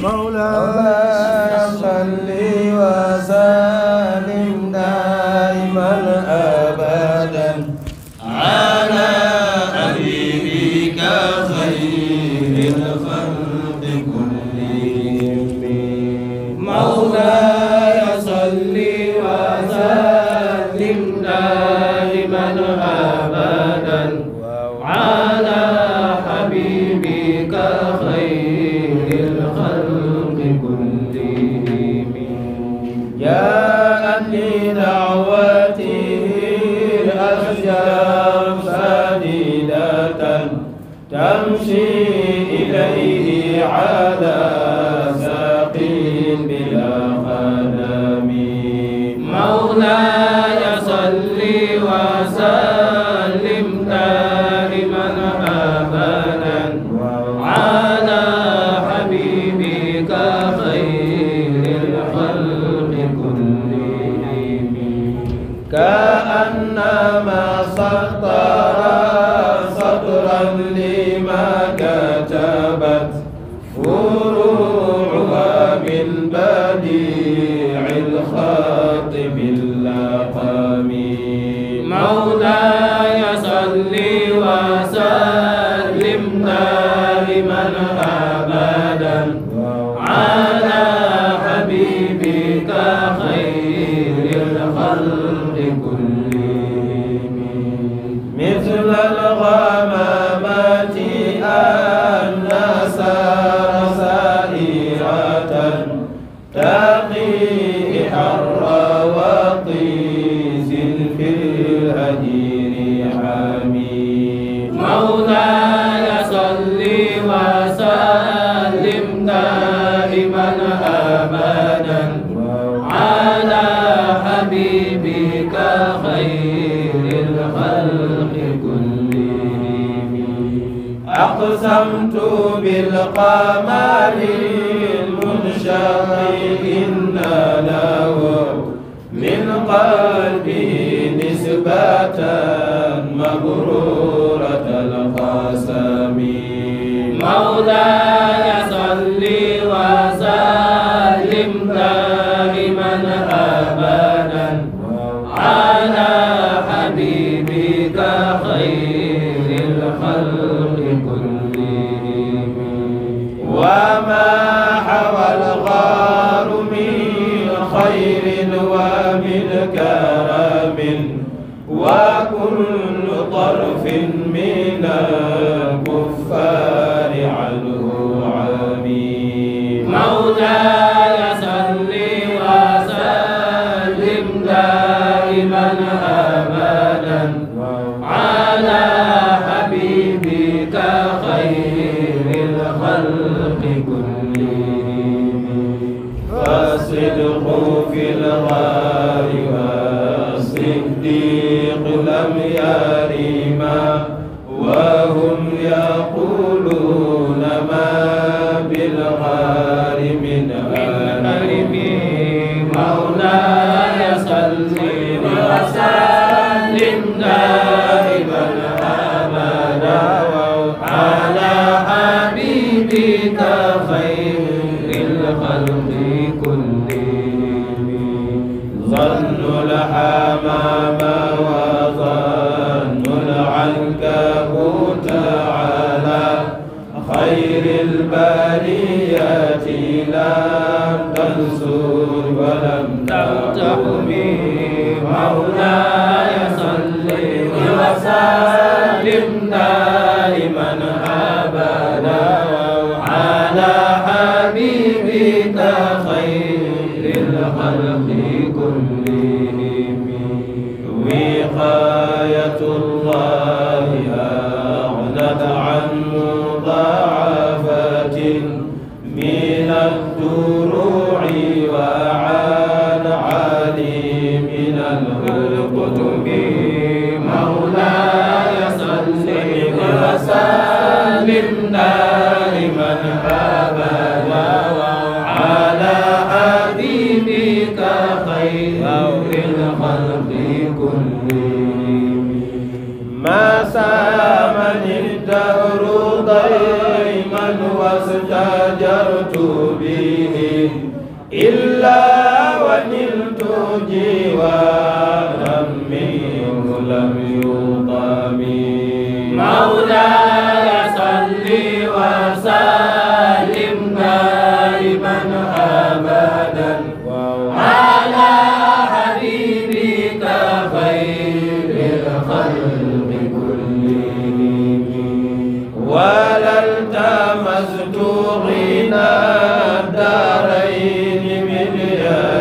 Maulas. قسمت بالقمر المنشق إن له من قلبي نسبة مبرورة القسم مولاي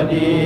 Hadi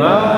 No,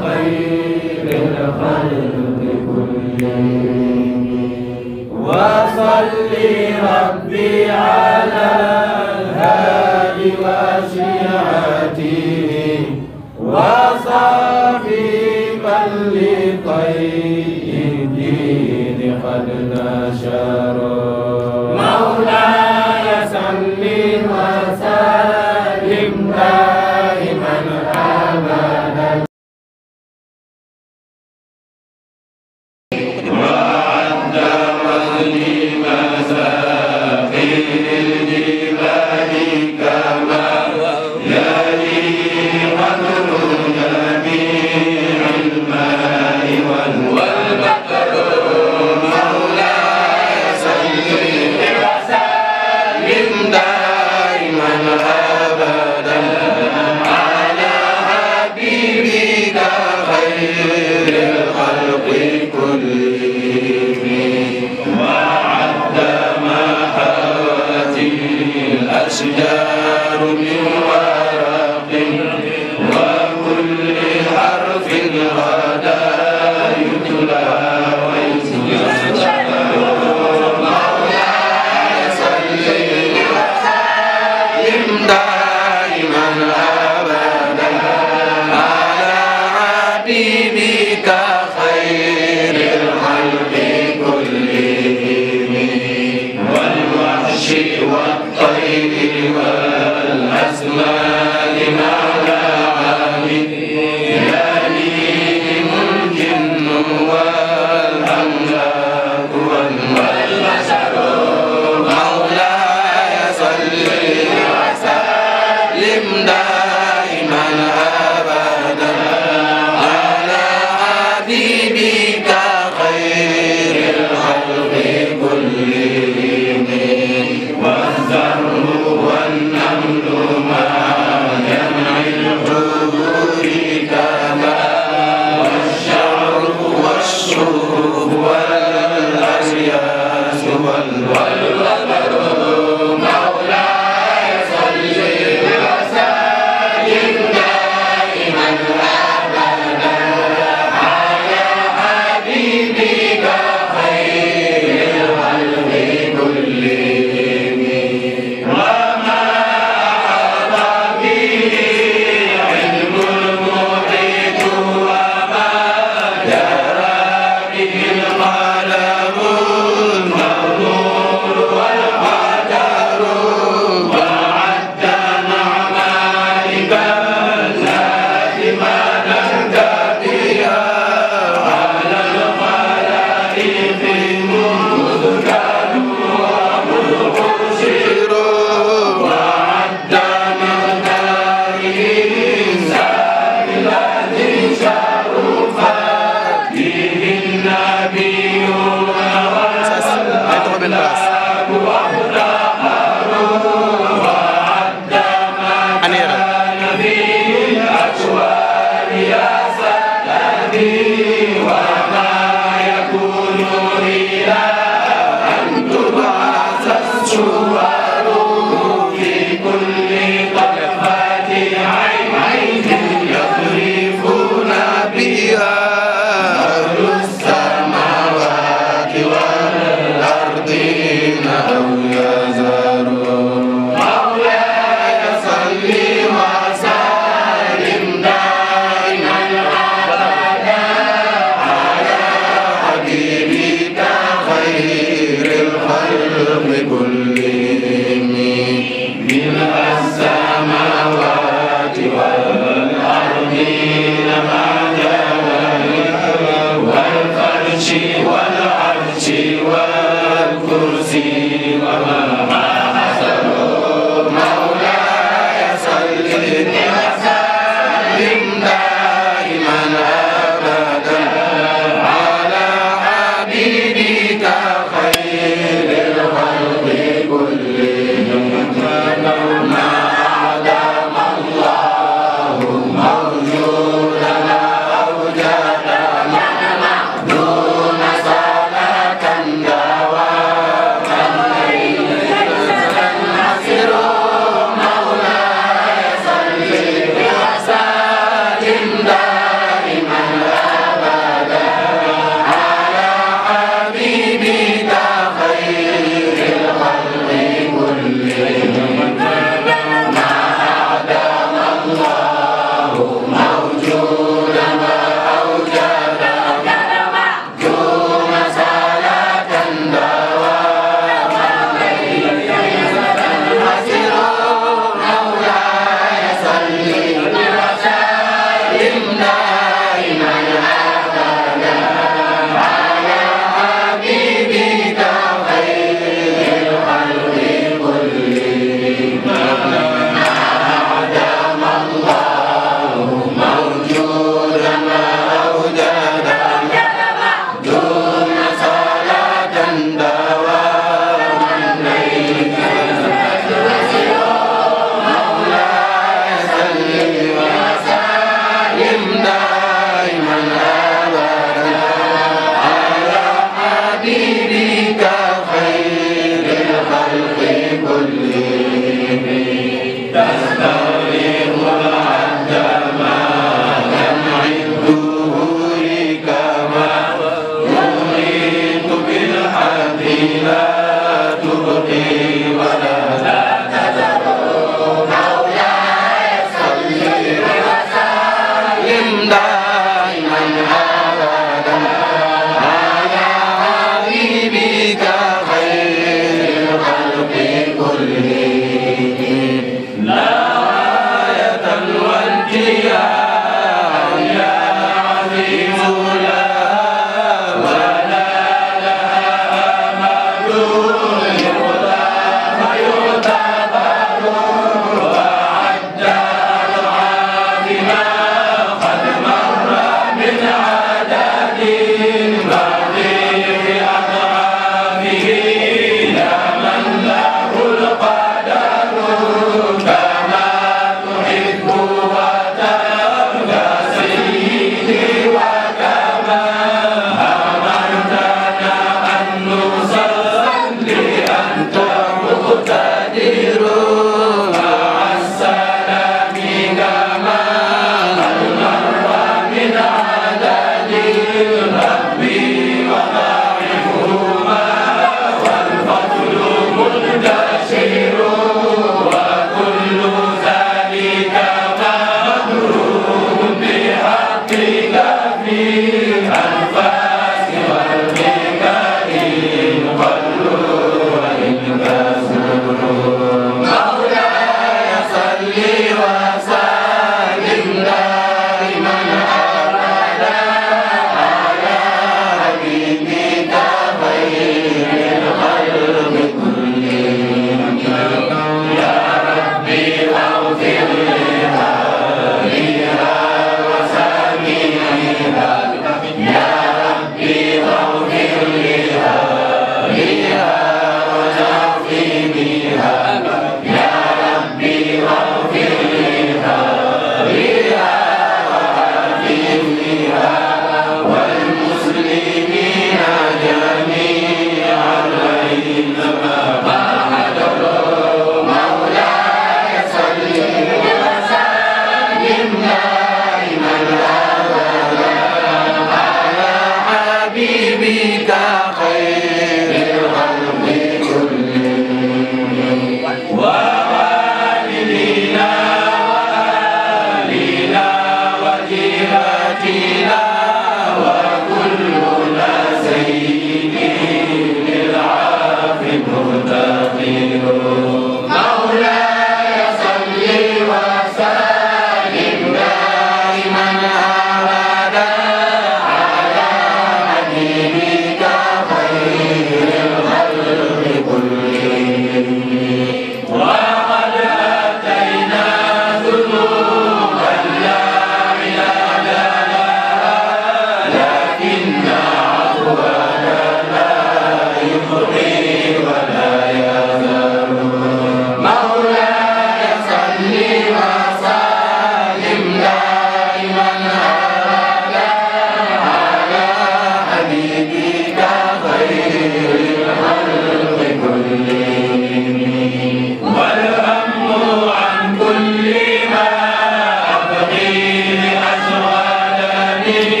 Thank you.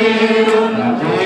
Thank you.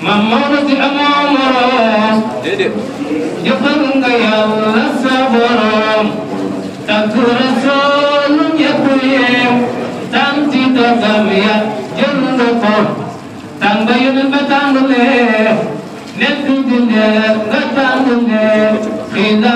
ma Maodo si amoo morom. déedéet. jëfal nga yàlla sa borom. takk rasool ñëpp yeew. tànti dogam ya jël nga ko. tàng ba yónni ba tàng lee. nekk di ndéer nga tàng ndéer. xëy na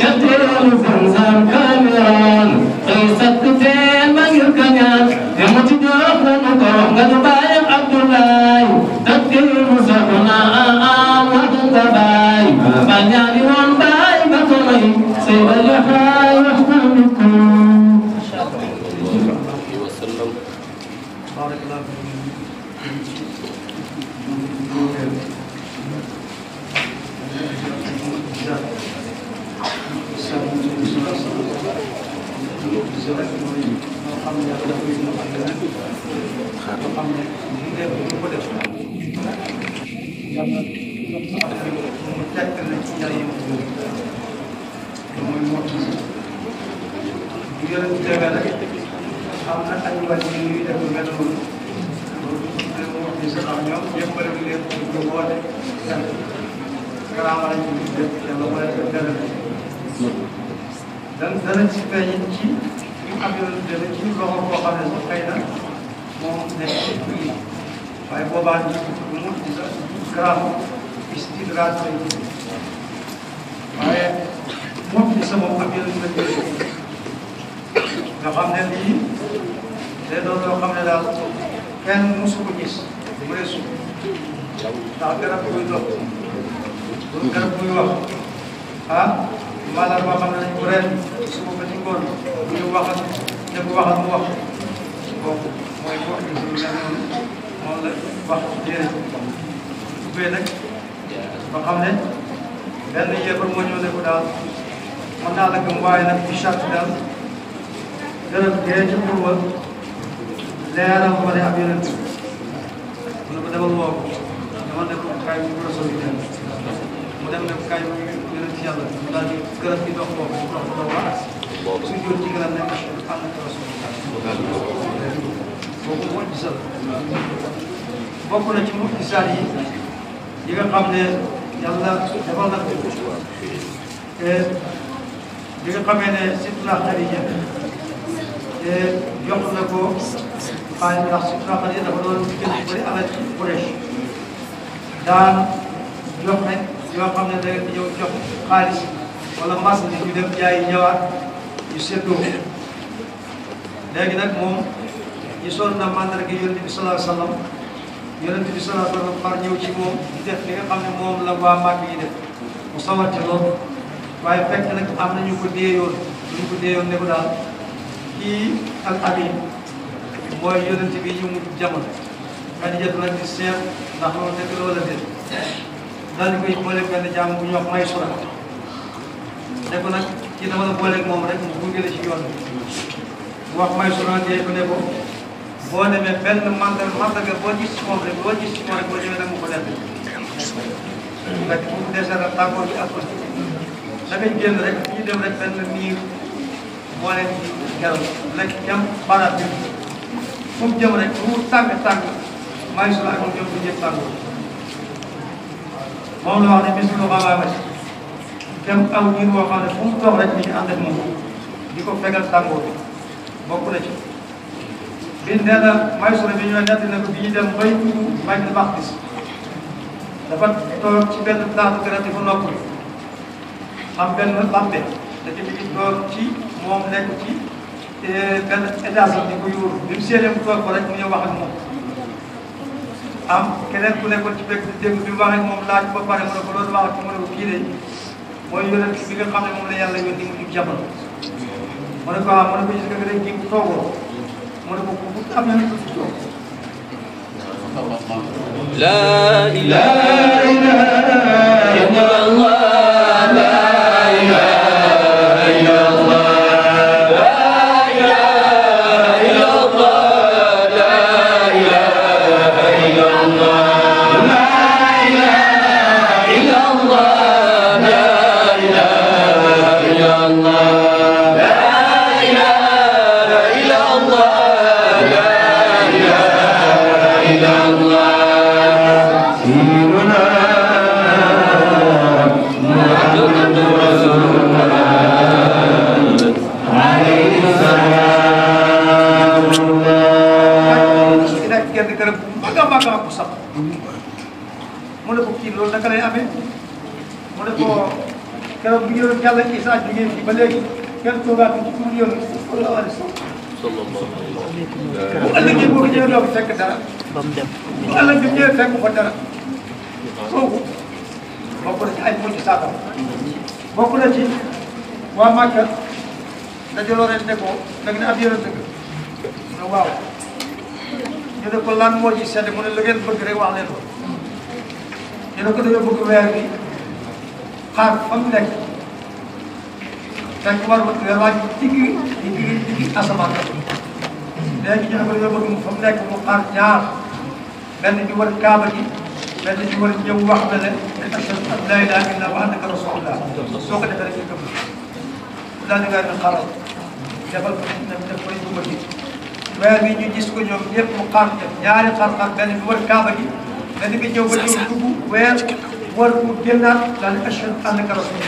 Thank you. mu tegtal nañ ci ñaar yi mu tudd te mooy mott yi bu yore bu teewee rek am na ay wàll yi ñuy def lu mel noonu loolu mott yi sax am ñoom ñëpp bëri na leen pour ñu woote seen garaama lañ ko def yàlla wala def dara dan danañ si feeñ ci ñu am yoon dana ci loxo boo xam ne sax xëy na moom nekk ci Ayboban muntizam ikram istidrak ve waaye muntizam moom ak yeneen la jëlee nga xam ne lii day doon loo xam ne daal kenn mosu ko gis mu ne su ndax garab buy dox bu garab buy wax ah maanaam boo xam ne dañ ko ren suba ba ci ngoon bu ñu waxal ne ko waxal mu wax kooku mooy wax ñu lu mel noonu moom la wax ci téere su bee nag ba xam ne benn yéefar moo ñëw ne ko daal mën naa la gëm waaye nag bu charte daal garab gee ci xurwa leeral ko ne ab yeneen mu ne ko demal woo ko dama ne ko kaay bu rasul bi dem mu dem ne ko kaay bu yeneen ci yàlla mu daal di garab gi dox boobu dox dox wax suñ jóor ci garab nekk ànd ak rasul moomu mucc bokk na ci mucc saal yi yi nga xam ne yàlla defal na ko bi nga xamee ne Sidna Xadija jox na ko xaalis ndax Sidna Xadija dafa doon jël bu bëri alal ci Quraysh daan jox rek yoo xam ne da nga ñëw jox xaalis wala mas ni ñu dem jaayi ñëwaat ñu seddoo léegi nag moom. gisoon na mandarga yonent bi sallallahu alayhi wa sallam yonent bi sallallahu alayhi wa ñëw ci moom di def li nga xam ne moom la waa màgg yi def mu sawati loolu waaye fekk nag am nañu ko déeyoon ñu ko déeyoon ne ko daal kii ak amin mooy yonent bi ñu mu jamono Xadijatu nag di seet loolu dëgg loola déet daal di koy boole bu ñu wax may sura ne ko nag ci dama la booleeg moom rek mu gunge la ci yoon bi wax may sura dee ko ne boo demee benn mandarga mandarga boo gis ci moom rek boo gis ci moom rek boo ñëwee nag mu ko lekk. ndax bu mu dese la tàngoor bi ak aussi. da ngay génn rek ñu dem rek benn niir moo leen di gërëm lekk jëm baaraat bi fu mu jëm rek bu mu tàng tàng maa ngi suñu ak moom jëm bu ñëpp tàngoor moom la wax ne bis lu xaw dem aw niir boo xam ne fu mu toog rek ñu ngi ànd ak moom di ko fegal tàngoor bi bokk na ci. bi nee na Maysara bi ñoo nett na ko bi ñu dem bay tudd Bàjjil Maxdis dafa toog ci benn plateau traité di fa noppalu am benn lampe te te mi ngi toog ci moom nekk ci benn étage bi ko yóoru bi mu séenee mu toog ko rek mu ñëw wax ak moom am keneen ku nekkoon ci bekk dégg bi mu waxee moom laaj ba pare mu ne ko loolu wax ko mu ne ko kii de mooy yonent bi nga ne moom la yàlla mu ñu jabal mu ne ko waaw ah, mu ne ko gis nga rek Là, Tuubaa bi ci tur yoon bi sallallahu alayhi wa sallam. bu ëllëgee boo ko ñëwee doo fekk dara. ba mu dem bu fekk dara. kooku bokk na ci ay mujj saafara. bokk na ci waa Màkka dajaloo ren ne da nga ne ab yonent nga ne waaw ñu ne ko lan moo ci sedd mu ne la bëgg rek wax leen ko ñu ko dañoo bëgg weer bi xaar fa mu nekk. dañ ko war a werwaay ci kii di kii di kii asamaan la léegi ñu ne ko dañoo bëgg mu fa mu nekk mu xaar ñaar benn bi war kaaba gi benn bi war ñëw wax ne leen ne ashhadu an laa ilaaha illallaah wa annaka rasuulullaah soo ko defee rek nga gëm daal di nga ne xaral defal ko ne def ko yóbbu ji weer bi ñu gis ko ñoom ñëpp mu xaar ñëpp ñaari xar-xar benn bi war kaaba gi benn bi ñëw ba ñëw dugg weer war mu génnaat daal di ashhadu annaka rasuulullaah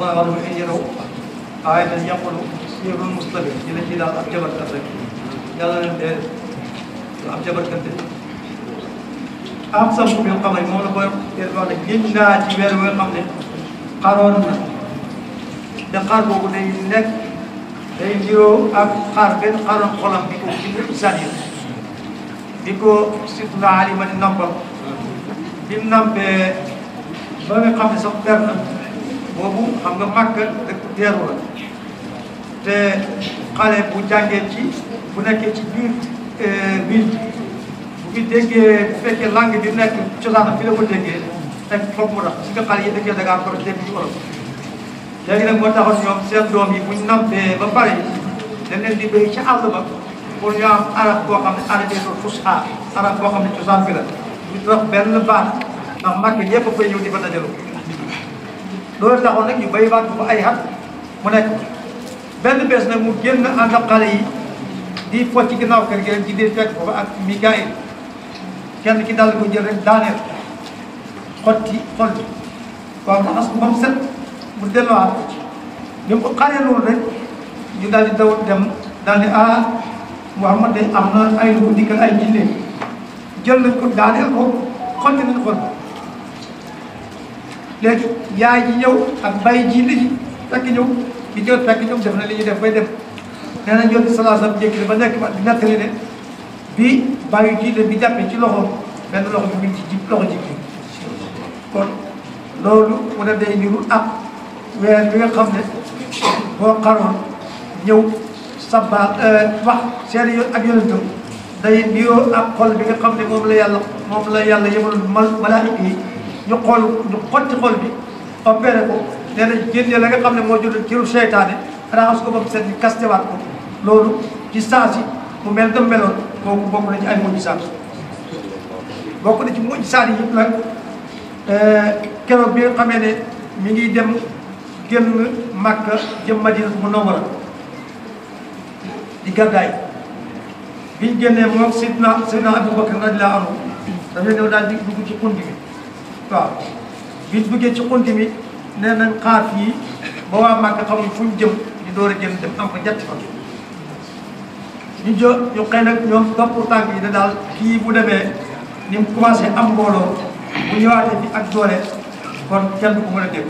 وظاهر حجره آية يقول سير المستبد إلى إلى أبجبر كذلك يلا ندير أبجبر كذلك أقسم بالقمر moo la koy wax ne gis naa ci weer wi nga xam ne xaroon na da xar boobu day nekk day niroo ak xar benn xaroon xolam di ko ci sànni di ko surtout alima di nampal bi mu nampee ba nga xam ne sax per na nga bu xam nga màkk dëkk teeru la te xale bu jàngee ci bu nekkee ci biir euh, ville bu fi déggee bu fekkee langue bi nekk cosaanam fi la ko déggee nekk foog mu tax si nga xale yi dëkkee dangaa ko dégg ci wolof léegi nag moo taxoon ñoom seen doom yi buñ nampee ba pare dañ leen di béy ci àll ba pour ñu arab boo xam ne arab yi doon fusxa arab boo xam ne cosaan bi la ñu tax benn baat ndax màkk ñëpp a koy ñëw di fa dajaloo loolu taxoon nag ñu bay waat ko ay xat mu nekk benn bés nag mu génn ànd ak xale yi di focc ci ginnaaw kër gi rek di dee fekk ko ak Mikaayil kenn ki dal ko jël rek daaneel xotti xotti waaw raxas ko ba mu set mu delluwaat li mu ko xaree loolu daal di daw dem daal di ah, am na ay lu ko dikkal ay jël nañ ko daaneel ko xotti nañ léegi yaay ji ñëw a bàyyi ji li fekk ñëw ki jot fekk ñëw def na li ñuy def bay dem nee na ñoom salaa sam ba nekk ba nettali ne bi bàyyi ji de bi jàppee ci loxo benn loxo bi mi ngi ci ji loxo ji kon loolu mu ne day niru ak weer bi nga xam ne boo xaroon ñëw sabbaal euh, wax seen yoon ak yonentam day niroo ak xol bi nga xam ne moom la yàlla moom la yàlla yemaloon malaaka yi ñu xool ñu xotti xol bi opéré ko nee na génne la nga xam ne moo jotoon cëru seytaane raxas ko ba mu set ñu kastewaat ko loolu ci saa mu mel dam meloon kooku bokk na ci ay mujjisaat bokk na ci mujjisaat yi yëpp nag eh, keroog bi nga xamee ne mi ngi dem génn Màkka jëm Madina mu Munawwara di gàddaay biñ génnee moom Sidna Sidna Abubakar radiyallaahu anhu dafay ñëw daal di dugg ci xund bi waaw bi ñu ci xunti mi nee nañ xaar fii ba waa màgg xamuñ fuñ jëm di door a génn dem am ko ñetti fan ñu jo ñu xëy nag ñoom topp tànk yi ne daal kii bu demee ni mu commencé am mbooloo bu ñëwaatee bi ak doole kon kenn du ko mën a dégg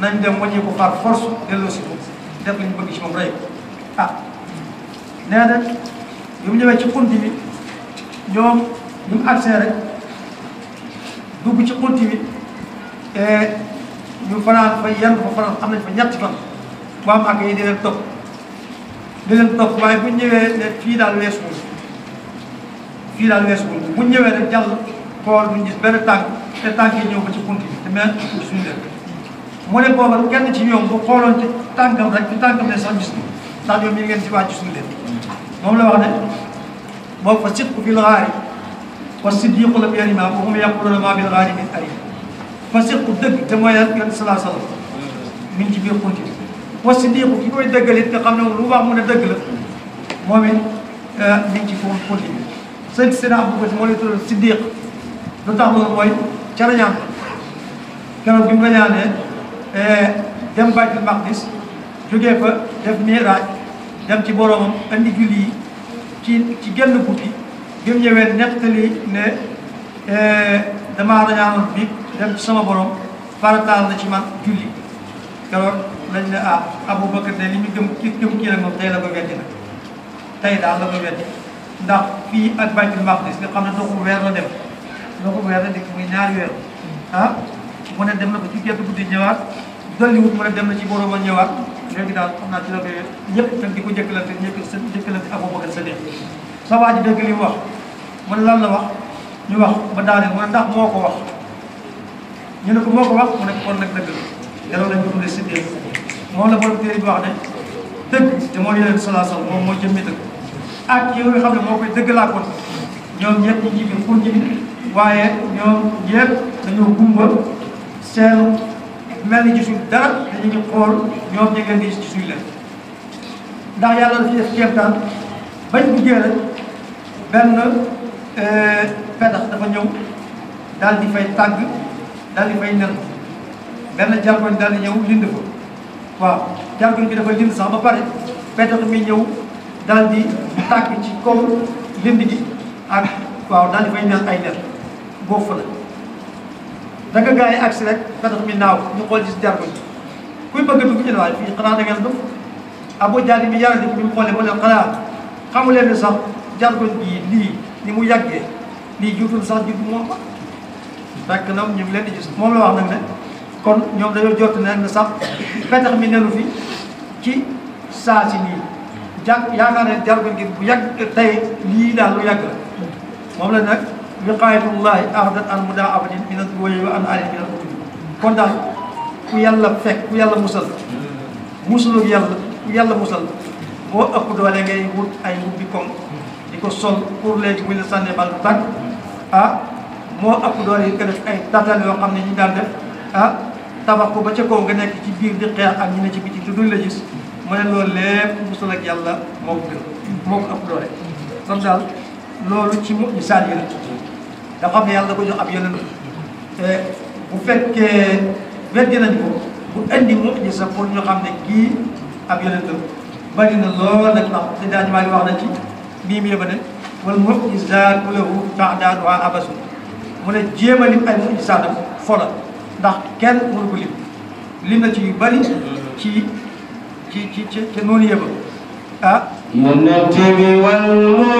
nañ dem wàññi ko par force delloosi ko def li ñu bëgg ci moom rey ah nee na bi mu ñëwee ci xunti bi ñoom ñu mu rek dugg ci xunti bi ñu fanaan fa yan fa fanaan am nañ fa ñetti fan waa màgg yi di leen topp di leen topp waaye bu ñëwee ne fii daal weesuwul fii daal weesuwul bu ñëwee rek jàll koor duñ gis benn tànk te tànk yi ñëw ba ci xunti bi te mel suñu leen mu ne booba kenn ci ñoom bu xooloon ci tànkam rek ci tànkam ne sax gis ndax ñoom ñi ngeen ci wàcc suñu leen moom la wax ne boo fa sit ku fi laxaari والصديق لم يرما وهم يقولون ما بالغالب من أريم فسيق الدق تما يلقى صلى الله من جبير قنت والصديق كي كوي دقل اتقامنا ولوبا من دقل مؤمن آه، من جبير قنت سيد سيدنا أبو بكر مولد الصديق نتعب موي ترجم كانوا بمجانا dem baytul maqdis jógee fa def miraaj dem ci boromam andi julli yi ci ci genn bi mu ñëwee nettali ne damaa rañaanoon bi dem ci sama borom farataal na ci man julli keroog lañ ne ah Aboubacar de li ñu gëm ki gëm kii nag moom tey la ko weddi nag tey daal la ko weddi ndax fii ak Baytul Maqdis nga xam ne doxu weer la dem doxu weer la dégg muy ñaari weer ah mu ne dem na ko ci gerte guddi ñëwaat dolliwut mu ne dem na ci borom a ñëwaat léegi daal xam naa ci la koy ñëpp nag di ko jëkkalante ñëpp sa jëkkalante Aboubacar sa dee sa waa ji dëgg li mu wax man lan la wax ñu wax ba daaneel mu ne ndax moo ko wax ñu ne ko moo ko wax mu ne kon nag dëgg la yàlla lañ ko tuddee siddiq moom la borom téere wax ne dëgg te moo yeneen salaa sal moom moo jëmmi dëgg ak yi ne moo koy dëgg waaye ñoom ñëpp dañoo gumba seen mel ni gisuñ dara dañu ngi xool ñoom ñu ngi gis ci ndax yàlla daf ci def kéemtaan bañ bu rek benn euh, pedax dafa ñëw daal di fay tàgg daal di fay nen benn jargoñ daal di ñëw lind fa waaw jargoñ bi dafa lind sax ba pare pedax mi ñëw daal di ci kaw lind gi ak waaw daal fay nen ay nen boobu fa la danga gars yi rek pedax mi naaw ñu xool ci jargoñ kuy bëgg dugg ci waaye fii xanaa da ngeen Abu Jahl mi yàlla di bi mu xoolee ba ne xanaa xamu leen ne jargoñ bii lii li mu yàggee lii juutul sax judd moom ba fekk na ñu ngi leen di gis moom la wax nag ne kon ñoom dañoo jot ne sax petax mi nelu fi ci saa si nii jàpp yaakaar ne jargoñ gi bu yàgg tey lii daal lu yàgg la moom la nag wiqaayatullahi ahdat an muda abadin min alwoy wa an ali min al kon daal ku yàlla fekk ku yàlla musal musulug yàlla ku yàlla musal moo ëpp doole ngay wut ay wut bi ko sol pour léegi bu ñu la sànnee bal bu tàkk ah moo ëpp doole yi ko def ay datal yoo xam ne ñi daan def ah tabax ko ba ca kaw nga nekk ci biir di xeex ak ñi ne ci biti te duñ la gis mu ne loolu lépp musul ak yàlla moo ko gën moo ko ëpp doole kon daal loolu ci mu misaal yi la dafa xam ne yàlla ko jox ab yeneen te bu fekkee weddi nañ ko bu indi mu indi sa pour ñu xam ne kii ab yeneen la bari na lool nag ndax te daañu maa ngi wax na ci bii mi yëbane wala mujizaatu lahu taadaan waa abasu mu ne jéem a lim ay mujizaatam fola ndax kenn mënu ko lim lim na ci yu bari ci ci ci ci noonu yëba ah mu ne tibi wal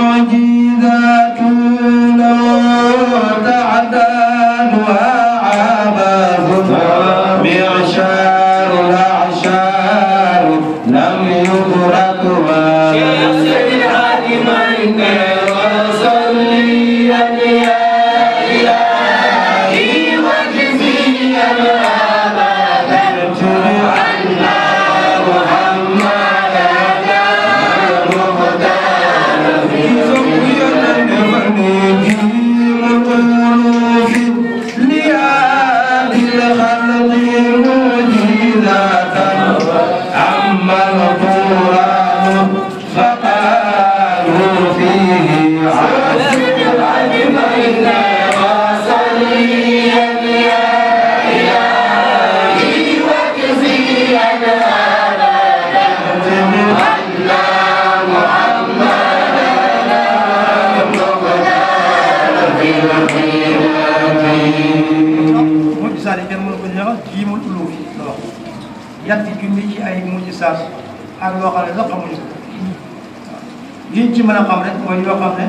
ci mën a xam rek mooy yoo xam ne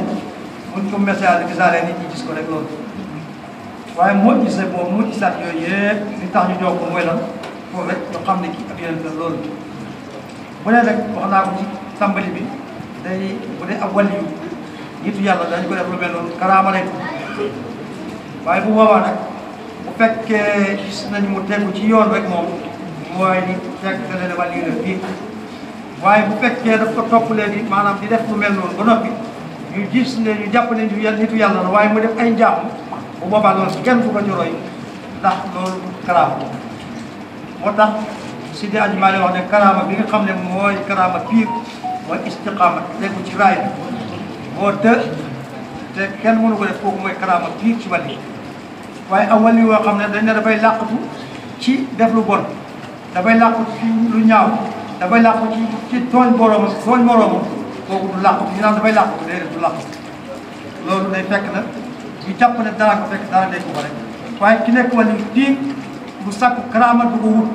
buñ ko message gisaale nit ñi gis loolu waaye moo gis rek moom moo gisaat yooyu yëpp li tax ñu jox ko mooy lan foofu rek ñu xam ne kii ak loolu bu dee rek wax naa ko ci tàmbali bi day bu dee ab wàllu nitu yàlla dañu ko def lu karaama lay waaye bu boobaa nag bu fekkee gis nañ mu tegu ci yoon rek moom mooy ni fekk na leen wàllu fii waaye bu fekkee daf ko topp léegi maanaam di def lu mel noonu ba noppi ñu gis ne ñu jàpp ne nitu yàlla la waaye mu def ay njaamu bu boobaa loolu kenn du ko ci roy ndax loolu karaama moo tax Sidi Aji Maalik wax ne karaama bi xam ne mooy karaama piir mooy istiqaama tegu ci raay bi të te kenn mënu ko def kooku mooy karaama piir ci wàll waaye am wàll woo xam ne dañ dafay làqatu ci def lu bon dafay làqatu ci lu ñaaw damay làqu ci ci tooñ boroom tooñ moroomam kooku du làqu ñu naan damay làqu léegi du làqu loolu day fekk na ñu jàpp dara ko fekk dara nekk ko ki nekk wàllu bu sàkku karaama du ko wut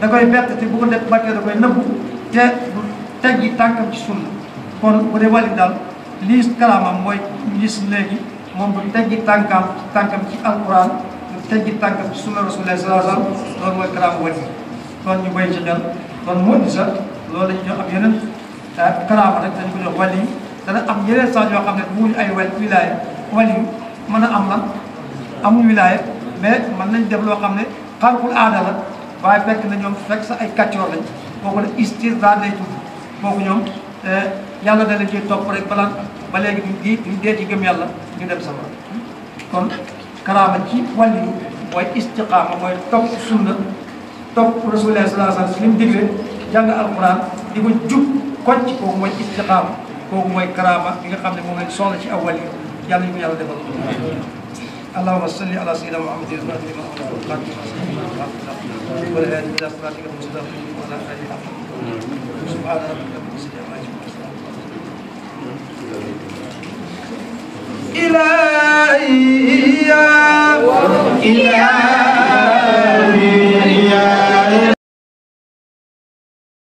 da koy bett te bu ko te du teggi ci sunna kon bu dee wàllu daal lii karaamam mooy gis léegi moom du teggi tànkam tànkam ci alquran du teggi tànkam ci sunna rasulullah sallallahu alayhi loolu mooy karaama wàllu kon ñu béy ci kon sa loolu dañu jox am yeneen karaama ah, rek dañu ko jox wàll yi am yeneen sax yoo xam ne ay wàll wilaaya wàll yu a am lan amul wilaaya mais mën nañ def loo xam ne xarkul aada la waaye fekk na ñoom fekk sa ay kàccoor lañ kooku la istisna lay tudd kooku ñoom eh, yàlla da leen ciy topp rek balaa ba léegi duñ duñ dee ci gëm yàlla ñu dem safara kon karaama ci wàll yi mooy istiqaama mooy topp sunna topp rasulullah sallallahu alayhi wa sallam si li mu digle jàng alquran di ko jub kocc kooku mooy istiqaama kooku mooy karaama bi nga xam ne moom lañ soxla ci awwal yi yàlla ñu ko yàlla defal allahumma salli ala sayyidina muhammadin wa alihi wa sahbihi wa ala alihi ila siratika mustaqim wa ala alihi subhana rabbika rabbil izzati amma yasifun ilahi ya ilahi